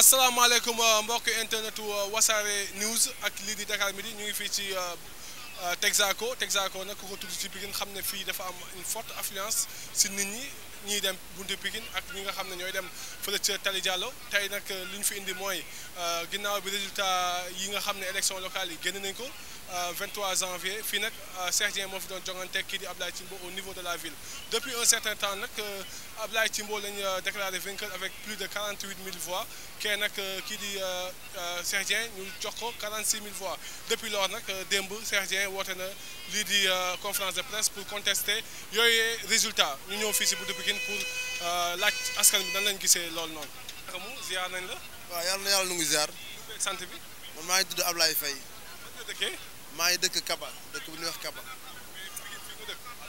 asalaamaaleykum euh, mbokk internetu euh, wasaare news ak lii di Dakar Midi ñu ngi fii ci euh, Texaco Texaco nag ku ko tudd ci Pikine xam ne fii dafa am une forte affluence si nit ñi ñuy dem buntu Pikine ak ñi nga xam ne ñooy dem fële ca Tali Diallo tey nag li ñu fi indi mooy ginnaaw bi résultat yi nga xam ne élection locale yi génn nañ ko. 23 euh, janvier fii nag euh, Cheikh Dieng moo fi doon jongante kii di Ablaye Timbo au niveau de la ville depuis un certain temps nag euh, Ablaye Timbo lañ déclaré vainqueur avec plus de 48 000 voix kee nag kii di Cheikh Dieng ñu jox ko 46 000 voix depuis lors nag démb Cheikh Dieng woote na lii di conférence de presse pour contester yooyu résultat ñu ñëw fii si bu Pikine pour laaj askan bi nan lañ gisee loolu noonu. akamu ziar nañ la. waaw yàlla na yàlla nu sant bi. man maa maa ngi dëkk Kaba dëkk bu ñuy wax Kaba.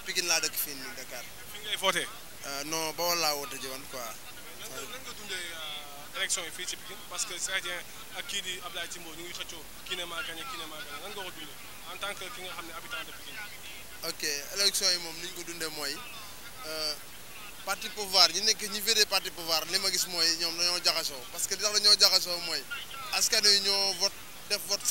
Pikine laa dëkk fii nii Dakar. fi ngay voté. Euh, no Bawol laa woote ji woon quoi. lan nga dundee euh, élection yi fii ci Pikine parce que Sadio ak kii di Abdoulaye Timbo ñu ngi xëccoo kii ne maa gagné kii ne maa gagné lan nga ko dundee en tant que ki nga xam ne habitant de Pikine. ok élection yi moom ni ñu ko dundee mooy euh, parti pouvoir ñi nekk ñi féetee parti pouvoir li ma gis mooy ñoom lañoo jaxasoo parce que li tax dañoo jaxasoo mooy askan wi ñoo vote def vote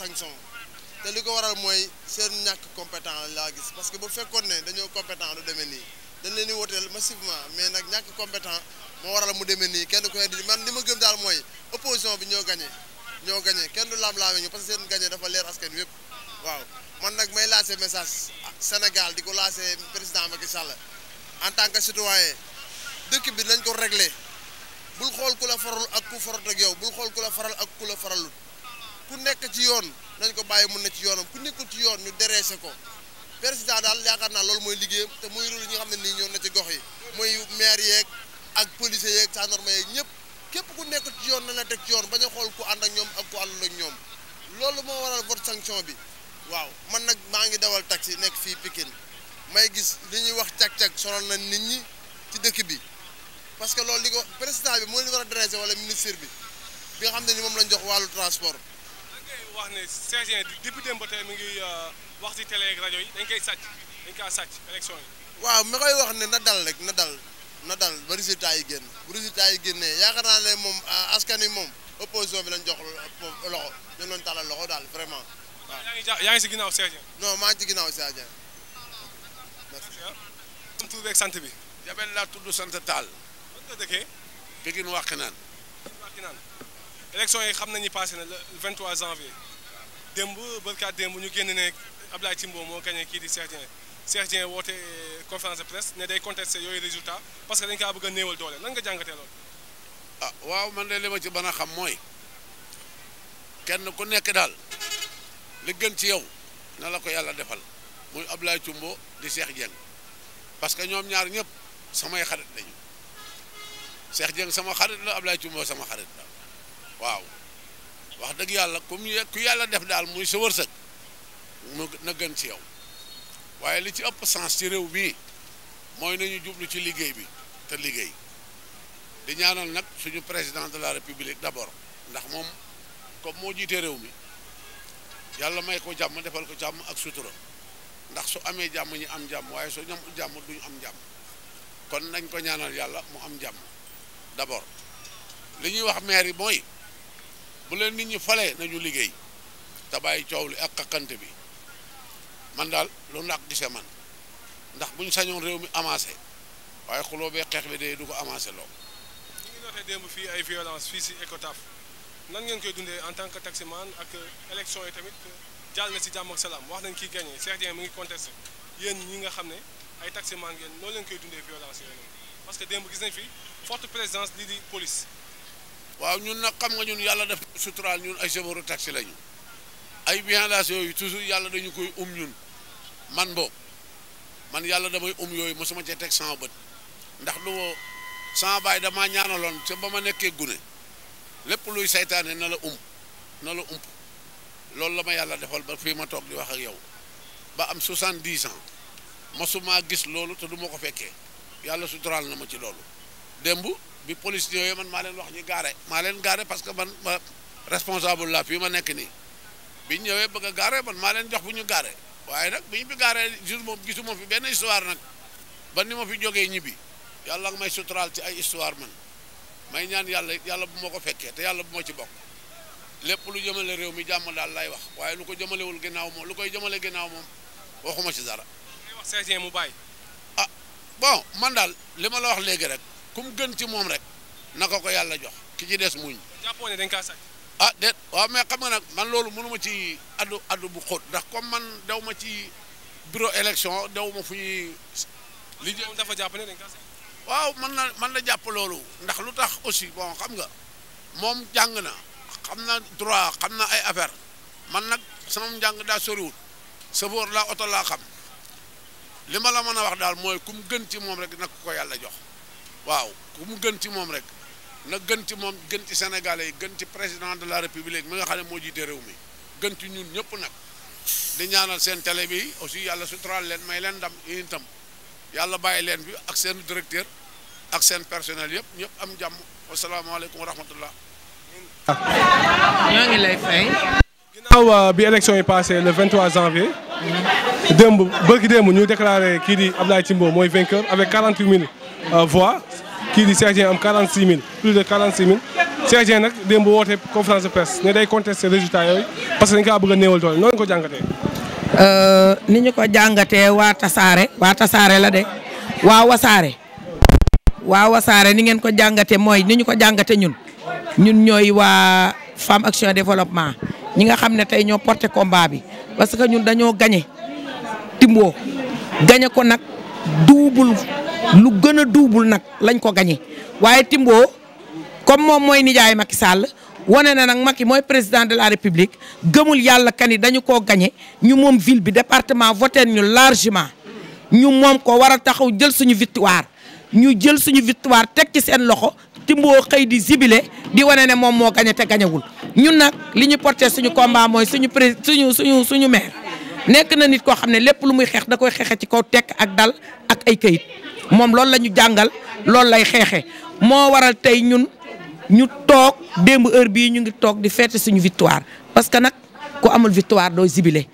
te li ko waral mooy seen ñàkk compétent laa gis parce que bu fekkoon ne dañoo compétent du demee nii dañ leen di woteel massivement mais nag ñàkk compétent moo waral mu demee nii kenn ku ne di man li ma gëm daal mooy opposition bi ñoo gagné ñoo gañee kenn du laam-laame ñu parce que seen gagné dafa leer askan wépp waaw man nag may lancé message Sénégal di ko lancé président Macky Sall en tant que citoyen dëkk bi nañ ko réglé bul xool ku la faral ak ku farat ak yow bul xool ku la faral ak ku la faralul ku nekk ci yoon nañ ko bàyyi mun na ci yoonam ku nekkul ci yoon ñu déranger ko président daal yaakaar naa loolu mooy liggéeyam te muy rôle yi nga xam ne nii ñëw na gox yi muy maire yeeg ak policier yeeg gendarme yeeg ñëpp képp ku nekk ci yoon la teg ci yoon bañ a xool ku ànd ak ñoom ak ku àndul ak ñoom loolu moo waral vote sanction bi waaw man nag maa ngi dawal taxi nekk fii pikin may gis li ñuy wax cag-cag sonal na nit ñi ci dëkk bi parce que loolu li ko président bi moo leen war a dresser wala ministre bi bi nga xam ne ni moom lañ jox wàllu transport wax ne CGN depuis démb ba tey mi ngi euh, wax ci télé ak rajo yi dañ koy sàcc dañ kaa sàcc élection yi. waaw mi koy wax ne na dal rek na dal na dal ba résultat yi génn bu résultat yi génnee yaakaar naa ne moom euh, askan yi moom opposition bi lañ jox loxo dañ doon talal loxo daal vraiment. waaw yaa ngi ja yaa ngi si ginnaaw CGN. non maa ngi ci ginnaaw CGN. merci. am tur beeg sant bi. Jabel laa tudd sant Tall. fan nga dëkkee. Pikine Wakhinane. Pikine Wakhinane. élection yi xam nañu passé na le 23 janvier. démb barkaat démb ñu génne ne abla Ablaye Timbo moo gagné kii di Cheikh Dieng Cheikh Dieng woote eh, conférence de presse ne day contesté yooyu résultat parce que dañ kaa bëgg a néewal doole nan nga jàngatee loolu. ah waaw man de li ma ci mën a xam mooy kenn ku nekk daal li gën ci yow na la ko yàlla defal muy Ablaye Timbo di Cheikh Dieng parce que ñoom ñaar ñëpp samay xarit lañu Cheikh Dieng sama xarit la Ablaye Timbo sama xarit la waaw. wax dëgg yàlla comme ku yàlla def daal muy sa wërsëg mu na gën ci yow waaye li ci ëpp sens ci réew mii mooy nañu jublu ci liggéey bi te liggéey di ñaanal nag suñu président de la république d'abord ndax moom comme moo jiite réew mi yàlla may ko jàmm defal ko jàmm ak sutura ndax su amee jàmm ñi am jàmm waaye su ñam jàmm duñu am jàmm kon nañ ko ñaanal yàlla mu am jàmm d'abord li ñuy wax maire mooy bu leen nit ñi falee nañu liggéey te bàyyi coow li ak xaqante bi man daal loolu laa gisee man ndax bu ñu sañoon réew mi avancé waaye xuloo bee xeex bi de du ko avancé lool. ñu ngi nootee démb fii ay violence fii si Ecotaf nan ngeen koy dundee en tant que taximan ak élection yi tamit jaar na si jàmm ak salaam wax nañ kii gagné Cheikh Dieng mi ngi contesté yéen ñi nga xam ne ay taximan ngeen noo leen koy dundee violence yooyu parce que démb gis nañ fi forte présence lii di police. waaw ñun nag xam nga ñun yàlla def suturaal ñun ay chauffeur taxi lañu ay viandages yooyu toujours yàlla dañu koy um ñun man boo man yàlla damay um yooyu mosuma cee teg sama bët ndax lu ma sama baay damaa ñaanaloon te ba ma nekkee gune lépp luy saytaane na la um na la ump loolu la ma yàlla defal ba fii ma toog di wax ak yow ba am 70 ans mosuma gis loolu te du ma ko fekkee yàlla suturaal na ma ci loolu démb. bi police yooyu man maa leen wax ñu gaare maa leen gaare parce que man ma responsable la fii ma nekk nii bi ñu ñëwee bëgg a gaare man maa leen jox bu ñu gaare waaye nag bi ñu bi gaaree jour moom gisuma fi benn histoire nag ba ni ma fi jógee ñibbi yàlla nga may suturaal ci ay histoire man may ñaan yàlla yàlla bu ma ko fekkee te yàlla bu ma ci bokk lépp lu jëmale réew mi jàmm daal lay wax waaye lu ko jëmalewul gannaaw moom lu koy jëmale ginnaaw waxuma ci dara. wax mu bàyyi. ah bon man daal li ma la wax léegi rek. ku gën ci moom rek naka ko yàlla jox ki ci des muñ. jàppoo ne dañ kaa sàcc ah, waaw mais xam nga nag man loolu mënu ma ci addu addu bu xóot ndax comme man daw ma ci bureau élection daw ma fu ñuy. li moom dafa jàpp ne dañ kaa sàcc waaw man na man na jàpp loolu ndax lu tax aussi bon xam nga moom jàng na xam na droit xam na ay affaire man nag sama njàng daa soriwul sëfoor laa oto laa xam li ma la mën a wax daal mooy ku gën ci moom rek nag ko yàlla jox waaw ku mu gën ci moom rek na gën ci moom gën ci sénégalais yi gën ci président de la république mi nga xam ne moo jiite réew mi gën ci ñun ñëpp nag di ñaanal seen télé bi aussi yàlla suturaal leen may leen ndam yéen tam yàlla bàyyi leen bi ak seen directeur ak seen personnel yëpp ñëpp am jàmm wasalaamaaleykum wa rahmatullah ñoo ngi lay fay. ginnaaw euh, bi élection yi passé le 23 janvier. Mhm. démb bërki démb ñu déclaré kii di Abdoulaye Timbo mooy vainqueur avec 48 000 euh, voix. kii di Cheikh Dieng am 46000 plus de 46000 Cheikh Dieng nag démb woote conférence de presse ne day résultat yooyu parce que dañ kaa bëgg a néewal doole noonu ko jàngatee. Euh, ni ñu ko jàngatee waa tasaare waa tasaare la de waa wasaare. waa wasaare ni ngeen ko jàngatee mooy ni ñu ko jàngatee ñun ñun ñooy waa femme action développement ñi nga xam ne tey ñoo porté combat bi parce que ñun dañoo gañe Timbo gañe ko nag double. lu gën a duubul nag lañ ko gañe waaye Timbo comme moom mooy nijaay Macky sàll wane na nag Macky mooy président de la république gëmul yàlla kani dañu ko gañe ñu moom ville bi département voté ñu largement ñu moom ko war a taxaw jël suñu victoire ñu jël suñu victoire teg ci seen loxo timboo xëy di zibile di wane ne moom moo gañe te gañewul ñun nag li ñu porté suñu combat mooy suñu pré suñu suñu suñu maire nekk na nit koo xam ne lépp lu muy xeex da koy xeexe ci kaw tekk ak dal ak ay kayit moom loolu la ñu jàngal loolu lay xeexee moo waral tey ñun ñu toog démb heure bii ñu ngi toog di fête suñu victoire parce que nag ku amul victoire doo jubilé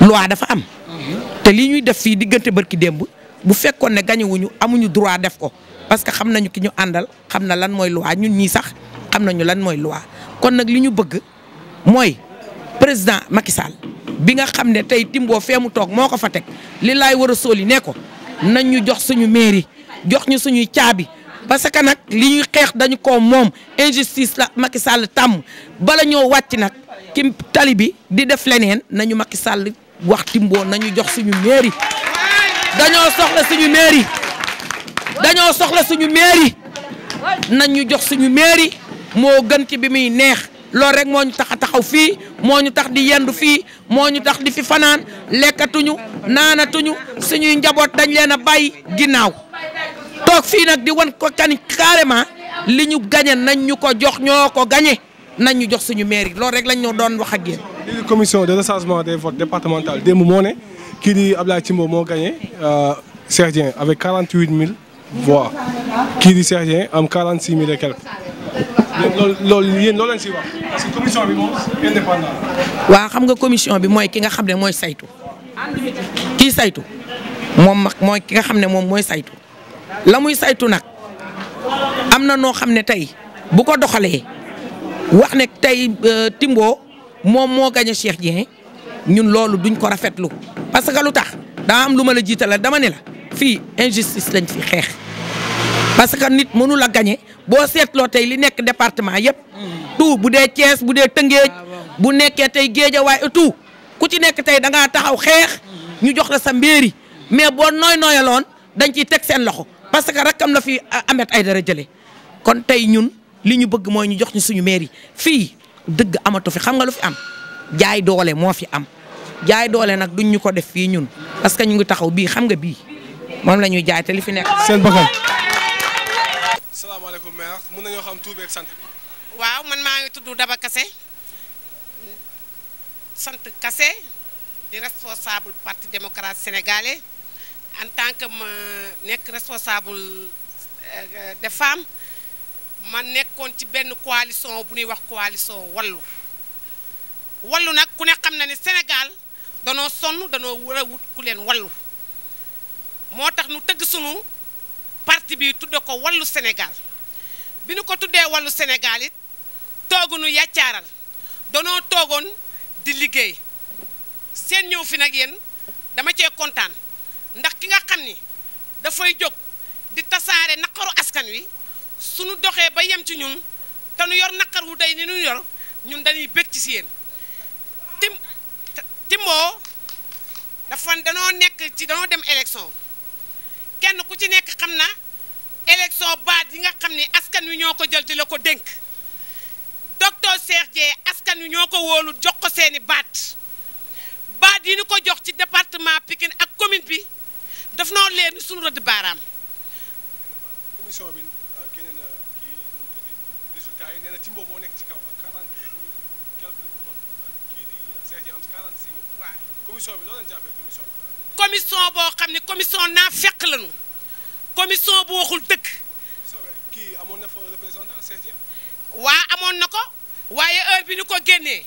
loi dafa am te li ñuy def fii diggante bërki démb bu fekkoon ne gañuwuñu amuñu droit def ko parce que xam nañu ki ñu àndal xam na lan mooy loi ñun ñii sax xam nañu lan mooy loi kon nag li ñu bëgg mooy président Macky Sall bi nga xam ne tey timboo fee mu toog moo ko fa teg li laay war a sóoli ne ko nañ ñu jox suñu mairie jox ñu suñuy caabi parce que nag li ñuy xeex dañu ko moom injustice la Macky sàll tàmm bala ñoo wàcc nag ki tali bi di def leneen nañu makki Sall wax timboo nañu jox suñu mairie dañoo soxla suñu mairie dañoo soxla suñu mairie nañ ñu jox suñu mairie moo gën ci bi muy neex loolu rek moo ñu a taxaw fii moo ñu tax di yendu fii moo ñu tax di fi fanaan lekkatuñu naanatuñu suñuy njaboot dañ leen bay ginnaaw toog fii nag di wan ko kan carrément li ñu gañe nañ ñu ko jox ñoo ko gañe nañ ñu jox suñu mairie lool rek lañ ñu doon wax ak yéen. lii commission de recensement des votes départemental démb moo ne kii di Abdoulaye Timbo moo gagné euh, Cheikh Dieng avec 48 mille voix kii di Cheikh Dieng am 46 000 et quelques loolu loolu yéen loo leen siy wax. parce waaw xam nga commission bi mooy ki nga xam ne mooy saytu kii saytu moom mag mooy ki nga xam ne moom mooy saytu la muy saytu nag am na noo xam ne tey bu ko doxalee wax nekk tey euh, Timbo moom moo gañe Cheikh Dieng ñun loolu duñ ko rafetlu parce que lu tax daa am lu ma la jiitalal dama ne la fii injustice lañ fi xeex. parce que nit mënul a gañe boo seetloo tey li nekk département yëpp. tout bu dee Thiès bu dee Tëngéej. Ah, bu nekkee tey géeja Géejawaay tout ku ci nekk tey da ngaa taxaw xeex. ñu jox la sa mbéeri mais boo nooy nooyaloon dañ ciy teg seen loxo parce que rakkam la fi ah, Ahmed Aïdara jëlee kon tey ñun li ñu bëgg mooy ñu jox ñu suñu mairie fii dëgg amatu fi xam nga lu fi am jaay doole moo fi am jaay doole nag duñ ñu ko def fii ñun parce que ñu ngi taxaw bii xam nga bii moom la ñuy jaay te li fi nekk. seen bakkan asalaamaaleykum mère mun nañoo xam tur beeg sant bi. waaw man maa ngi tudd Daba Kase sant Kase di responsable parti démocrate sénégalais en tant que ma nekk responsable euh, des femmes ma nekkoon ci benn coalition bu nuy wax coalition wallu wallu nag ku ne xam na ni Sénégal danoo sonn danoo war wut ku leen wallu moo tax nu tëgg sunu. parti bi tuddee ko wallu senegal bi nu ko tuddee wallu Sénégal it nu yàccaaral danoo toogoon di liggéey seen ñëw fi nag yéen dama cee kontaan ndax ki nga xam ni dafay jóg di tasaare naqaru askan wi sunu doxee ba yem ci ñun te nu yor naqar wu day ni nu yor ñun dañuy bég ci si yéen tim timboo dafa danoo nekk ci danoo dem élection kenn ku ci nekk xam na élection baat yi nga xam ne askan wi ñoo ko jël di la ko dénk docteur Cheikh askan wi ñoo ko wóolu jox ko seeni baat baat yi ñu ko jox ci département pikin ak commune bi daf noo leen suñu rëdd baaraam. commission bi génne euh, euh, na yi nee na Timbo nekk ci kaw ak bi loo leen jàppee commission boo xam ne commission naa fekk lañu. commission bu waxul dëkk. kii amoon na fa représentant waa amoon na ko waaye heure bi ni ko génnee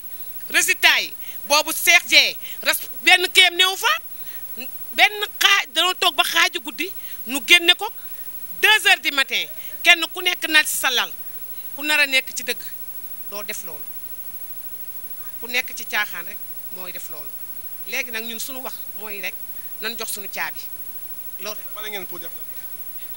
résultat yi boobu Cheikh Dieng res benn kéem néew fa benn xaaj danoo toog ba xaaju guddi nu génne ko 2 heures du matin kenn ku nekk na ci sa lal ku nar a nekk ci dëgg doo def loolu ku nekk ci caaxaan rek mooy def loolu léegi nag ñun sunu wax mooy rek nan jox suñu caabi loolu. pare ngeen pour def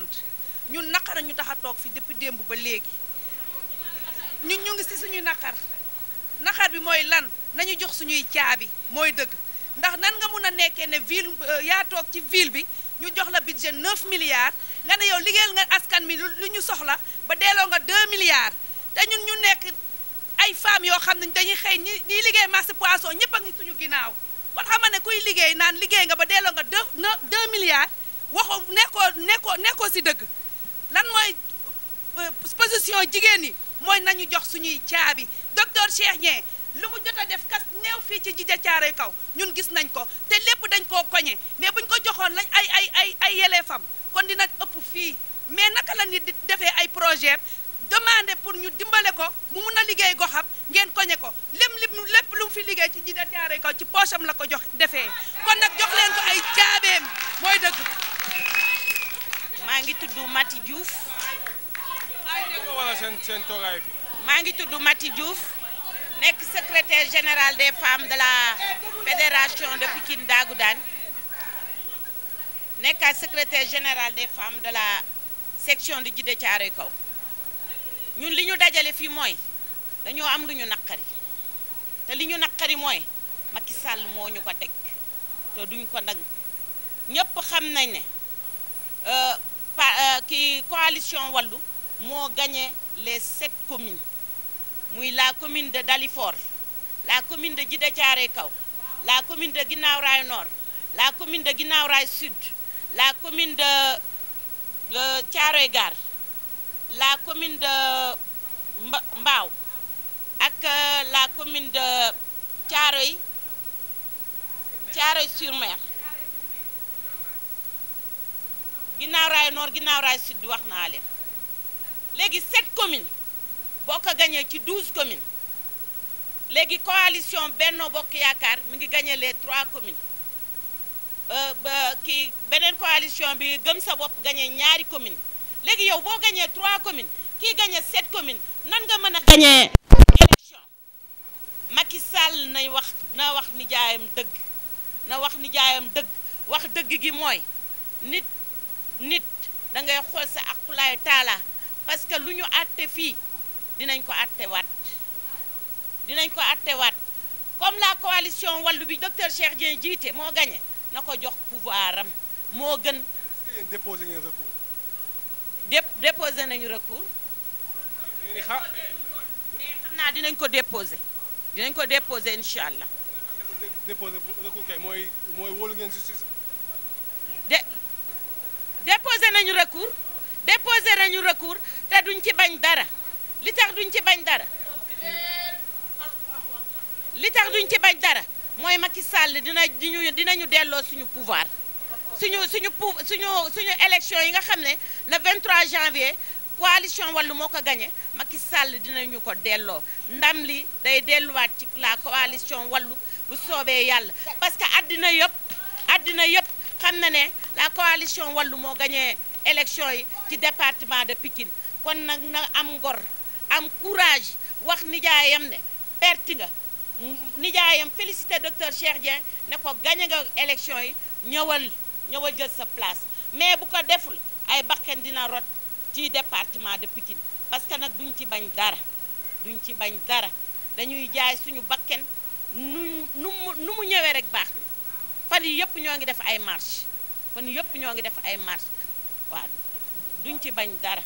sant ñun naqara ñu tax a toog fi depuis démb ba léegi ñun ñu ngi si suñu naqar naqar bi mooy lan nañu jox suñuy caabi mooy dëgg ndax nan nga mun a nekkee ne ville euh, yaa toog ci ville bi ñu jox la budget 9 milliards nga ne yow liggéeyal nga askan mi lu ñu soxla ba delloo nga 2 milliards te ñun ñu nekk ay femmes yoo xam ne dañuy xëy ñi ñiy liggéey marché poisson ñëpp a ngi suñu ginnaaw kon xam ne kuy liggéey naan liggéey nga ba delloo nga 2 2 milliards. waxoo nekkoo nekkoo nekkoo si dëgg lan mooy euh, position jigéen ñi mooy nañu jox suñuy caabi docteur Cheikh Ndié lu mu jot a def kas néew fii ci jija caaray kaw ñun gis nañ ko te lépp dañ koo koñe mais buñ ko joxoon lañ ay ay ay ay yeleefam kon dina ëpp fii mais naka la nit di defee ay projet demandé pour ñu dimbale ko mu mun a liggéey goxam ngeen koñe ko lém lim lépp lu mu fi liggéey ci jija caaray kaw ci poosam la ko jox defee kon nag jox leen ko ay caabeem mooy dëgg maa ngi tudd Mati Diouf. maa ngi tudd Mati Diouf nekk secrétaire générale des femmes de la fédération de Pikine Dagoudane nekkaat secretaire général des femmes de la section de du Djiddah Thiaroye Kaw ñun li ñu dajale fii mooy dañoo am lu ñu naqari te li ñu naqari mooy Macky Sall moo ñu ko teg te duñ ko ndag ñëpp xam nañ ne. Euh, Euh, ki coalition wallu moo gagné les sept communes muy la commune de Dalifort la commune de Djiddah Thiaroye Kaw la commune de ginnaaw Rail Nord la commune de Guinaw Rail Sud la commune de Thiaroye Gare la commune de Mbao ak euh, la commune de Thiaroye Thiaroye sur Mer ginnaaw raay nord ginnaaw raay sud wax naa leen léegi set commune boo ko gañee ci douze commune léegi coalition Benno Bokk Yaakaar mi ngi gañe trois communes euh, ba kii beneen coalition bi gëm sa bopp gañe ñaari communes léegi yow boo gañee trois commune kii gañe sept communes nan nga mën a gañee élection Macky Sall nay wax na wax nijaayam dëgg na wax nijaayam dëgg wax dëgg gi mooy nit nit da ngay xool sa aqulaay taala parce que lu ñu àtte fii dinañ ko àttewaat dinañ ko àttewaat comme la coalition wàllu bi docteur Cheikh Dieng jiite moo gagné na ko jox pouvoir am moo gën. est-ce déposé ngeen recours. dép déposé nañu recours. mais naa dinañ ko déposé. dinañ ko déposé incha allah. déposé recours kay mooy mooy wóolu ngeen justice. de. déposé nañu recours déposé nañu recours te duñ ci bañ dara li tax duñ ci bañ dara li tax duñ ci bañ dara mooy Macky Sall dina diñu dinañu delloo suñu pouvoir suñu suñu pou suñu suñu élection yi nga xam ne le 23 janvier coalition Wallu moo ko gagné Macky Sall ñu ko delloo ndam li day delluwaat ci la coalition Wallu bu soobee yàlla parce que àddina yëpp àddina yëpp xam na ne la coalition wallu moo gagné élection yi ci département de Pikine kon nag na am ngor am courage wax nijaayam ne perte nga nijaayam félicité docteur Cheikh Dieng ne ko gagné nga élection yi ñëwal ñëwal jël sa place mais bu ko deful ay bakkan dina rot ci département de Pikine parce que nag duñ ci bañ dara duñ ci bañ dara dañuy jaay suñu bakken nu nu mu nu mu ñëwee rek baax na fan yi yëpp ñoo ngi def ay marche fan yëpp ñoo ngi def ay marche waaw duñ ci bañ dara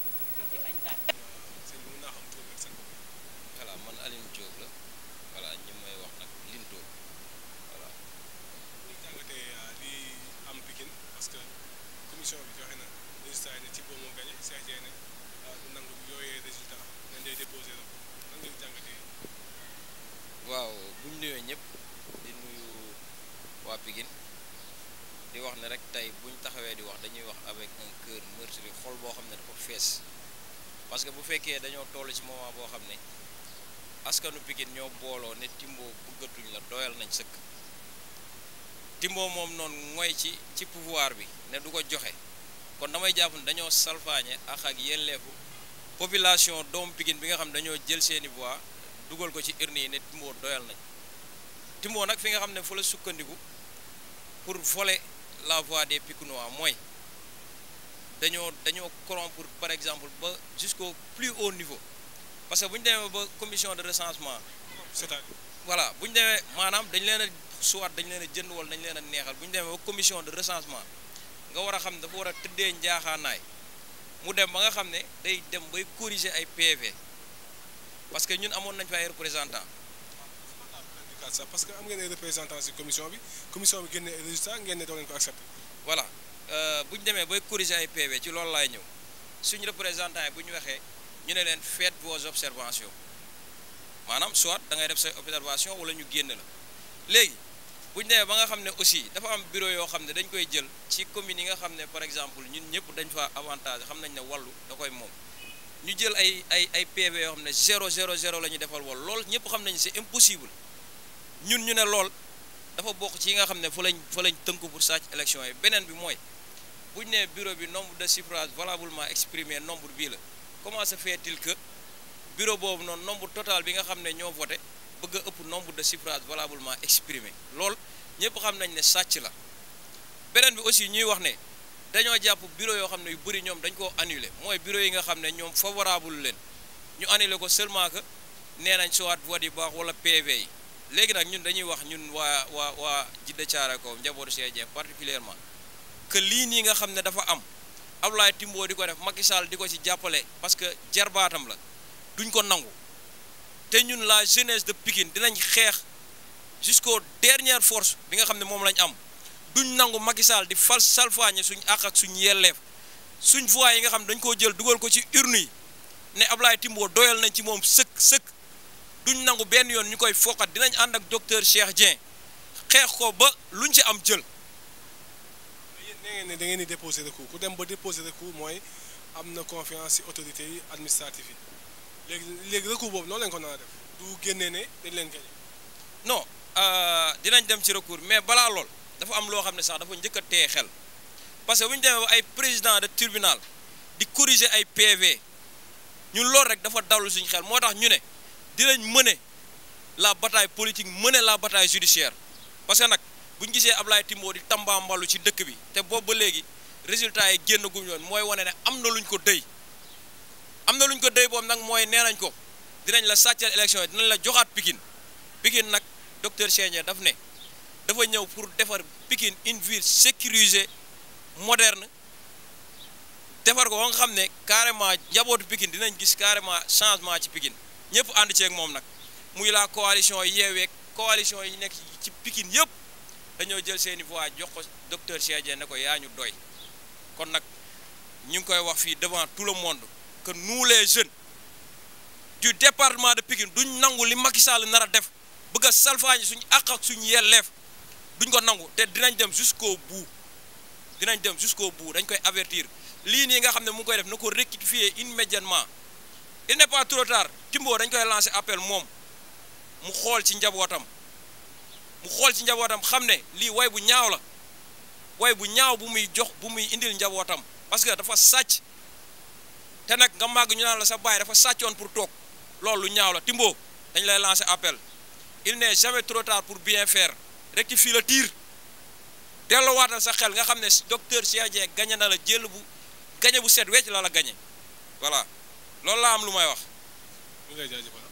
wax ne rek tey bu ñu taxawee di wax dañuy wax avec un cœur meurtri xol boo xam ne dafa fees parce que bu fekkee dañoo toll ci moment boo xam ne askanu Pikine ñoo booloo ne timboo bëggatuñ la doyal nañ sëkk timboo moom noonu mooy ci ci pouvoir bi ne du ko joxe kon damay jàpp ne dañoo salfaañe ak ak yelleefu population doomu Pikine bi nga xam ne dañoo jël seeni voix dugal ko ci urne yi ne Timbo doyal nañ timboo nag fi nga xam ne fu la sukkandiku pour voler la voix des Pikinois mooy dañoo dañoo corrompre par exemple ba jusqu'au plus haut niveau parce que bu ñu demee ba commission de recensement cest voilà bu ñu demee maanaam dañ leen a soit dañ leen a jënd wala dañ leen a neexal bu ñu demee ba commission de recensement nga war a xam dafa war a tëddee njaaxaanaay mu dem ba nga xam ne day dem bay corriger ay PV parce que ñun amoon nañ fa ay yaakaar sax parce que am ngeen ay représentants ci commission bi commission bi génne résultat ngeen ne doo leen ko accepté voilà euh, bu ñu demee bay corriger ay PV ci loolu laay ñëw suñu représentant yi bu ñu waxee ñu ne leen faites vos observations maanaam soit da ngay def sa observation wala ñu génn la léegi bu demee ba nga xam ne aussi dafa am bureau yoo xam ne dañ koy jël ci commune yi nga xam ne par exemple ñun ñëpp dañ fa avantage xam nañ ne wallu da koy moom ñu jël ay ay ay PV yoo xam ne zéro zéro zéro la ñu defal wal loolu ñëpp xam nañ c'est impossible ñun ñu ne lool dafa bokk ci yi nga xam ne fa lañ fa lañ tënku sàcc élection yi beneen bi mooy bu ñu nee bureau bi nombre de suffrages valablement exprimé nombre bii la comment se fait-il bureau boobu noonu nombre total bi nga xam ne ñoo voté bëgg a ëpp nombre de suffrages valablement exprimé lool ñëpp xam nañ ne sàcc la beneen bi aussi ñuy wax ne dañoo jàpp bureau yoo xam ne yu bëri ñoom dañ koo annulé mooy bureau yi nga xam ne ñoom favorable leen ñu annulé ko seulement que nee nañ soit vote yi baax wala PV léegi nag ñun dañuy wax ñun waa waa waa Jidda Thiaroye Kaw njabootu Cheikh Dieng particulièrement que lii nii nga xam ne dafa am Ablaye Timbo di ko def Macky Sall di ko ci jàppale parce que jarbaatam la duñ ko nangu te ñun la jeunesse de Pikine dinañ xeex jusqu'aux dernières force bi nga xam ne moom lañ am duñ nangu Macky Sall di fal salfaañe suñ àq ak suñ yelleef suñ voix yi nga xam ne dañ koo jël dugal ko ci urne yi ne Ablaye Timbo doyal nañ ci moom sëkk sëkk du duñ nangu benn yoon ñu koy fooxat dinañ ànd ak docteur Cheikh Dieng xeex ko ba lu luñ si am jël. mais ne da ngeen di déposer recours ku dem ba déposer recours mooy am na confiance ci autorités yi administrative yi léegi léegi recours boobu noonu lañ ko naan def du génnee ne dañ leen gañe. non euh, dinañ dem ci recours mais balaa lool dafa am loo xam ne sax dafa njëkk a téye xel parce que bu ñu demee ba ay président de tribunal di corriger ay PV ñun loolu rek dafa dalul suñ xel moo tax ñu ne. dinañ mëne la bataille politique mëne la bataille judiciaire parce que nag bu ñu gisee Ablaye Timbo di tambaambalu ci dëkk bi te boobu ba léegi résultat yi génn guñ yoon mooy wane ne am na luñ ko dëy am na luñ ko dëy boobu nag mooy nee nañ ko dinañ la sàccal élection yi dinañ la joxaat pikin Pikine nag docteur Cheikh daf ne dafa ñëw pour defar Pikine une ville sécurisée moderne defar ko ba nga xam ne carrément njabootu Pikine dinañ gis carrément changement ci Pikine ñëpp ànd ceeg moom nag muy la coalition yeeweeg coalition yi nekk ci Pikine yëpp dañoo jël seeni i voix jox ko docteur ne ko yaa ñu doy kon nag ñu ngi koy wax fii devant tout le monde que nous les jeunes du département de Pikine duñ nangu li Macky Sall nar a def bëgg a salfaañi suñu àq ak yelleef duñ ko nangu te dinañ dem jusqu'au buu dinañ dem jusqu'au buu dañ koy avertir lii nii nga xam ne mu ngi koy def na ko rectifier immédiatement il n'est pas trop tard dañ koy lancer appel moom mu xool ci njabootam mu xool ci njabootam xam ne lii way bu ñaaw la way bu ñaaw bu muy jox bu muy indil njabootam parce que dafa sàcc te nag nga màgg ñu naan la sa baay dafa sàccoon pour toog loolu ñaaw la timboo dañ lay lancer appel il n'est jamais trop pour bien faire rectifie le tir delluwaatal sa xel nga xam ne docteur Cheikh Dieng gañe na la jël bu gañe bu set wecc la la gañe voilà loolu laa am lu may wax. ñu ngi lay jaajëfal